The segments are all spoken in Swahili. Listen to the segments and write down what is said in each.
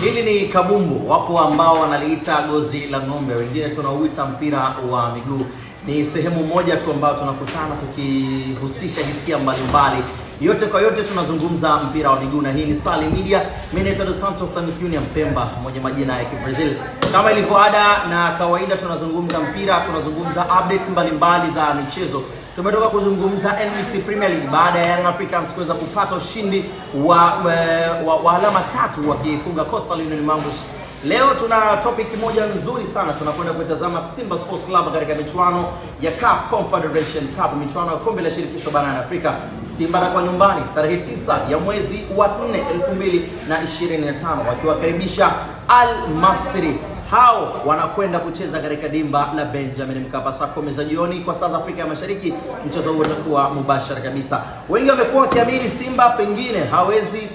Hili ni kabumbu, wapo ambao wanaliita gozi la ng'ombe, wengine tunauita mpira wa miguu. Ni sehemu moja tu ambayo tunakutana tukihusisha hisia mbalimbali yote kwa yote tunazungumza mpira wa miguu na hii ni Sali Media. Mimi naitwa Dos Santos Samis Junior Mpemba, moja majina ya Kibrazil. Kama ilivyo ada na kawaida, tunazungumza mpira, tunazungumza updates mbalimbali mbali za michezo, tumetoka kuzungumza NBC Premier League baada ya Young Africans kuweza kupata ushindi wa, eh, wa, wa alama tatu wakiifunga Coastal Union mangus Leo tuna topic moja nzuri sana, tunakwenda kuitazama Simba Sports Club katika michuano ya CAF Confederation Cup, michuano ya kombe la shirikisho barani Afrika. Simba kwa nyumbani tarehe 9 ya mwezi wa 4 2025 wakiwakaribisha Al Masry hao wanakwenda kucheza katika dimba la Benjamin Mkapa saa kumi za jioni kwa saa za Afrika ya Mashariki. Mchezo huo utakuwa mubashara kabisa. Wengi wamekuwa wakiamini Simba pengine hawezi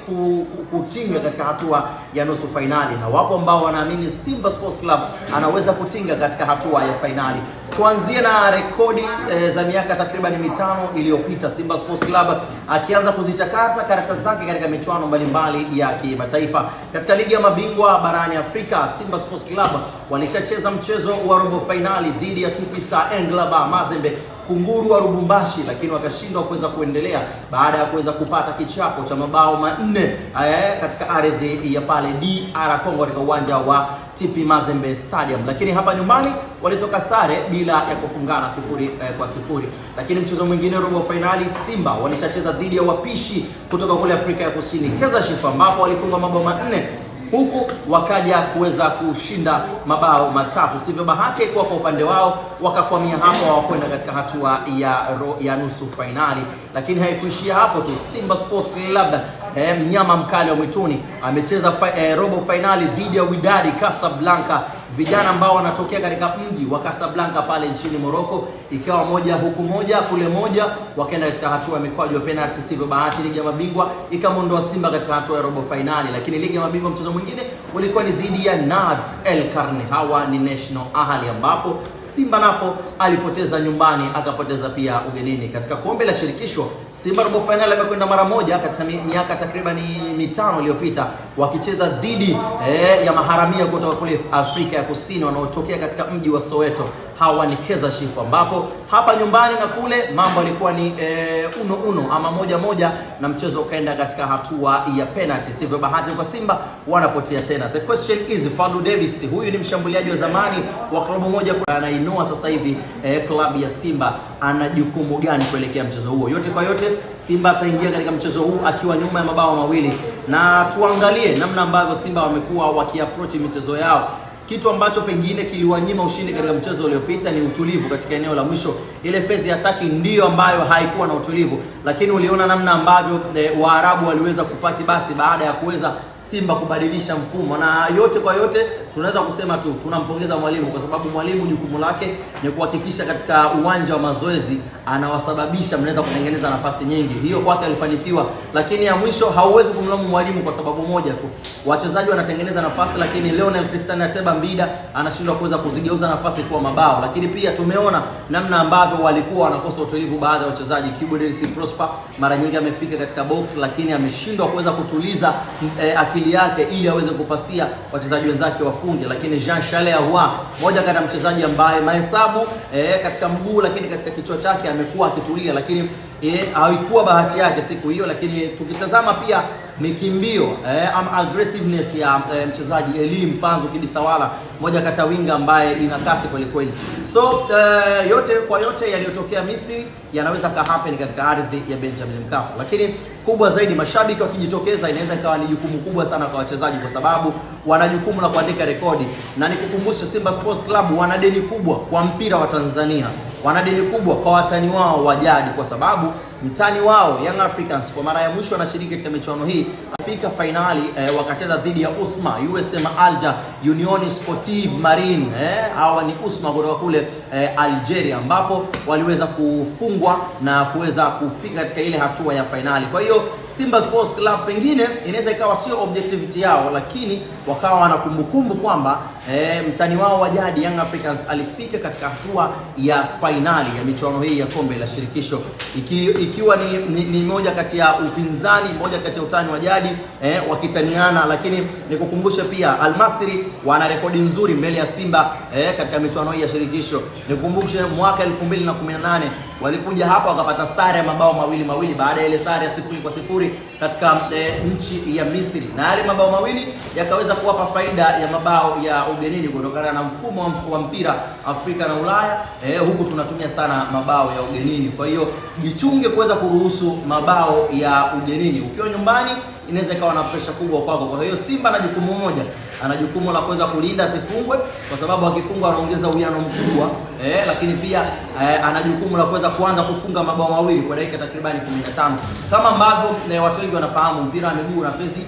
kutinga katika hatua ya nusu fainali, na wapo ambao wanaamini Simba Sports Club anaweza kutinga katika hatua ya fainali. Tuanzie na rekodi e, za miaka takriban mitano iliyopita, Simba Sports Club akianza kuzichakata karata zake katika michuano mbalimbali ya kimataifa. Katika ligi ya mabingwa barani Afrika, Simba Sports Club walishacheza mchezo wa robo fainali dhidi ya Tupisa Englaba Mazembe kunguru wa Lubumbashi, lakini wakashindwa kuweza kuendelea baada ya kuweza kupata kichapo cha mabao manne eh, katika ardhi ya pale DR Congo katika uwanja wa TP Mazembe Stadium, lakini hapa nyumbani walitoka sare bila ya kufungana sifuri eh, kwa sifuri. Lakini mchezo mwingine robo fainali, Simba walishacheza dhidi ya wapishi kutoka kule Afrika ya Kusini Kaizer Chiefs, ambapo walifungwa mabao manne huku wakaja kuweza kushinda mabao matatu, sivyo bahati haikuwa kwa upande wao, wakakwamia hapo, hawakwenda katika hatua ya, ro, ya nusu fainali. Lakini haikuishia hapo tu. Simba Sports Club eh, mnyama mkali wa mwituni amecheza fi, eh, robo fainali dhidi ya Wydad Casablanca vijana ambao wanatokea katika mji wa Casablanca pale nchini Morocco, ikawa moja huku moja kule moja, wakaenda katika hatua ya mikwaju ya penalti. Sivyo bahati, ligi ya mabingwa ikamwondoa Simba katika hatua ya robo fainali. Lakini ligi ya mabingwa mchezo mwingine ulikuwa ni dhidi ya Nad El Karne, hawa ni National Ahli, ambapo Simba napo alipoteza nyumbani, akapoteza pia ugenini. Katika kombe la shirikisho, Simba robo fainali amekwenda mara moja katika miaka takriban mitano iliyopita, wakicheza dhidi eh, ya maharamia kutoka kule Afrika ya Kusini wanaotokea katika mji wa Soweto hawa ni Keza shifu ambapo hapa nyumbani na kule mambo alikuwa ni e, uno uno ama moja moja, na mchezo ukaenda katika hatua ya penalty. Sivyo bahati kwa Simba, wanapotea tena. The question is Fadu Davis, huyu ni mshambuliaji wa zamani wa klabu moja, anainua sasa hivi e, klabu ya Simba, ana jukumu gani kuelekea mchezo huo? Yote kwa yote, Simba ataingia katika mchezo huu akiwa nyuma ya mabao mawili, na tuangalie namna ambavyo Simba wamekuwa wakiapproach michezo yao kitu ambacho pengine kiliwanyima ushindi katika mchezo uliopita ni utulivu katika eneo la mwisho. Ile phase ya taki ndiyo ambayo haikuwa na utulivu, lakini uliona namna ambavyo e, Waarabu waliweza kupati basi baada ya kuweza Simba kubadilisha mfumo, na yote kwa yote tunaweza kusema tu tunampongeza mwalimu, kwa sababu mwalimu jukumu lake ni kuhakikisha katika uwanja wa mazoezi anawasababisha mnaweza kutengeneza nafasi nyingi. Hiyo kwake alifanikiwa, lakini ya mwisho hauwezi kumlaumu mwalimu kwa sababu moja tu, wachezaji wanatengeneza nafasi, lakini Lionel Cristian Ateba Mbida anashindwa kuweza kuzigeuza nafasi kuwa mabao. Lakini pia tumeona namna ambavyo walikuwa wanakosa utulivu baadhi ya wachezaji. Kibu Denis Prosper mara nyingi amefika katika box, lakini ameshindwa kuweza kutuliza eh, akili yake ili aweze kupasia wachezaji wenzake wafunge, lakini Jean Charles Ahoua, moja kati ya mchezaji ambaye mahesabu eh, katika mguu lakini katika kichwa chake amekuwa akitulia, lakini eh, haikuwa bahati yake siku hiyo, lakini tukitazama pia mikimbio eh, am aggressiveness ya eh, mchezaji Eli Mpanzu Kibisawala, moja kati ya winga ambaye ina kasi kweli kweli. So eh, yote kwa yote yaliyotokea Misri yanaweza ka happen katika ardhi ya Benjamin Mkapa, lakini kubwa zaidi, mashabiki wakijitokeza, inaweza ikawa ni jukumu kubwa sana kwa wachezaji, kwa sababu wana jukumu la kuandika rekodi, na nikukumbushe, Simba Sports Club wana deni kubwa kwa mpira wa Tanzania, wana deni kubwa kwa watani wao wa jadi, kwa sababu mtani wao Young Africans kwa mara ya mwisho anashiriki katika michuano hii afika fainali eh, wakacheza dhidi ya Usma USM Alger Union Sportive Marine eh, hawa ni Usma kutoka kule eh, Algeria ambapo waliweza kufungwa na kuweza kufika katika ile hatua ya fainali. Kwa hiyo Simba Sports Club pengine inaweza ikawa sio objectivity yao, lakini wakawa wana kumbukumbu kwamba eh, mtani wao wa jadi Young Africans alifika katika hatua ya fainali ya michuano hii ya kombe la shirikisho iki, ikiwa ni, ni, ni moja kati ya upinzani, moja kati ya utani wa jadi eh, wakitaniana, lakini nikukumbushe pia Almasri wana rekodi nzuri mbele ya Simba eh, katika michuano hii ya shirikisho. Nikukumbushe mwaka 2018 walikuja hapa wakapata sare ya mabao mawili mawili baada ya ile sare ya sifuri kwa sifuri katika e, nchi ya Misri, na yale mabao mawili yakaweza kuwapa faida ya mabao ya ugenini kutokana na mfumo wa mpira Afrika na Ulaya. E, huku tunatumia sana mabao ya ugenini, kwa hiyo jichunge kuweza kuruhusu mabao ya ugenini ukiwa nyumbani inaweza ikawa na presha kubwa kwako. Kwa hiyo Simba ana jukumu moja, ana jukumu la kuweza kulinda asifungwe, kwa sababu akifungwa anaongeza uwiano mkubwa eh, lakini pia eh, ana jukumu la kuweza kuanza kufunga mabao mawili kwa dakika takribani 15 kama ambavyo eh, watu wengi wanafahamu mpira wa miguu na fezi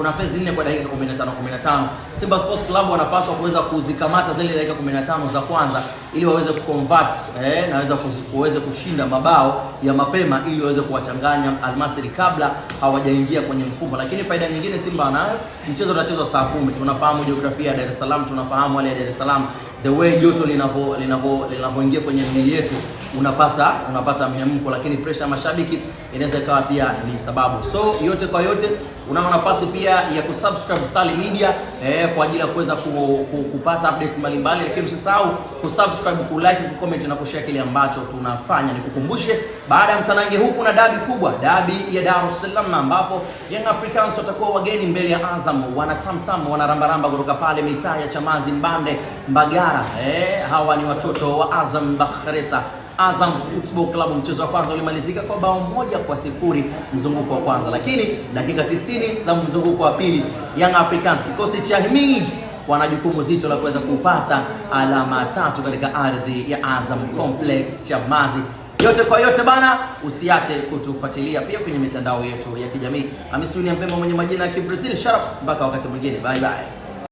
kuna fezi nne kwa dakika 15 15. Simba Sports Club wanapaswa kuweza kuzikamata zile dakika 15 za kwanza ili waweze kuconvert eh, na waweze kuweze kushinda mabao ya mapema ili waweze kuwachanganya Almasri kabla hawajaingia kwenye mfumo. Lakini faida nyingine Simba anayo, mchezo unachezwa saa kumi. Tunafahamu jiografia ya Dar es Salaam, tunafahamu hali ya Dar es Salaam the way joto linavyo linavyo linavyoingia kwenye mili yetu, unapata unapata mnyamko, lakini pressure ya mashabiki inaweza ikawa pia ni sababu. So yote kwa yote, unao nafasi pia ya kusubscribe Sali Media eh, kwa ajili ya kuweza ku, ku, kupata updates mbalimbali, lakini usisahau kusubscribe, ku comment na kushare kile ambacho tunafanya. Nikukumbushe, baada ya mtanange huku na dabi kubwa, dabi ya Dar es Salaam, ambapo Young Africans watakuwa wageni mbele ya Azam. Wanatamtam, wanarambaramba kutoka pale mitaa ya Chamazi, Mbande, Mbagara. Eh, hawa ni watoto wa Azam Bakhresa Azam Football Club. Mchezo wa kwanza ulimalizika kwa bao moja kwa sifuri mzunguko wa kwanza, lakini dakika 90 za mzunguko wa pili Young Africans kikosi cha Himid wana jukumu zito la kuweza kupata alama tatu katika ardhi ya Azam Complex Chamazi. Yote kwa yote bana, usiache kutufuatilia pia kwenye mitandao yetu ya kijamii. Amisuni ya Mpemba mwenye majina ya Kibrazil Sharaf. Mpaka wakati mwingine, bye bye.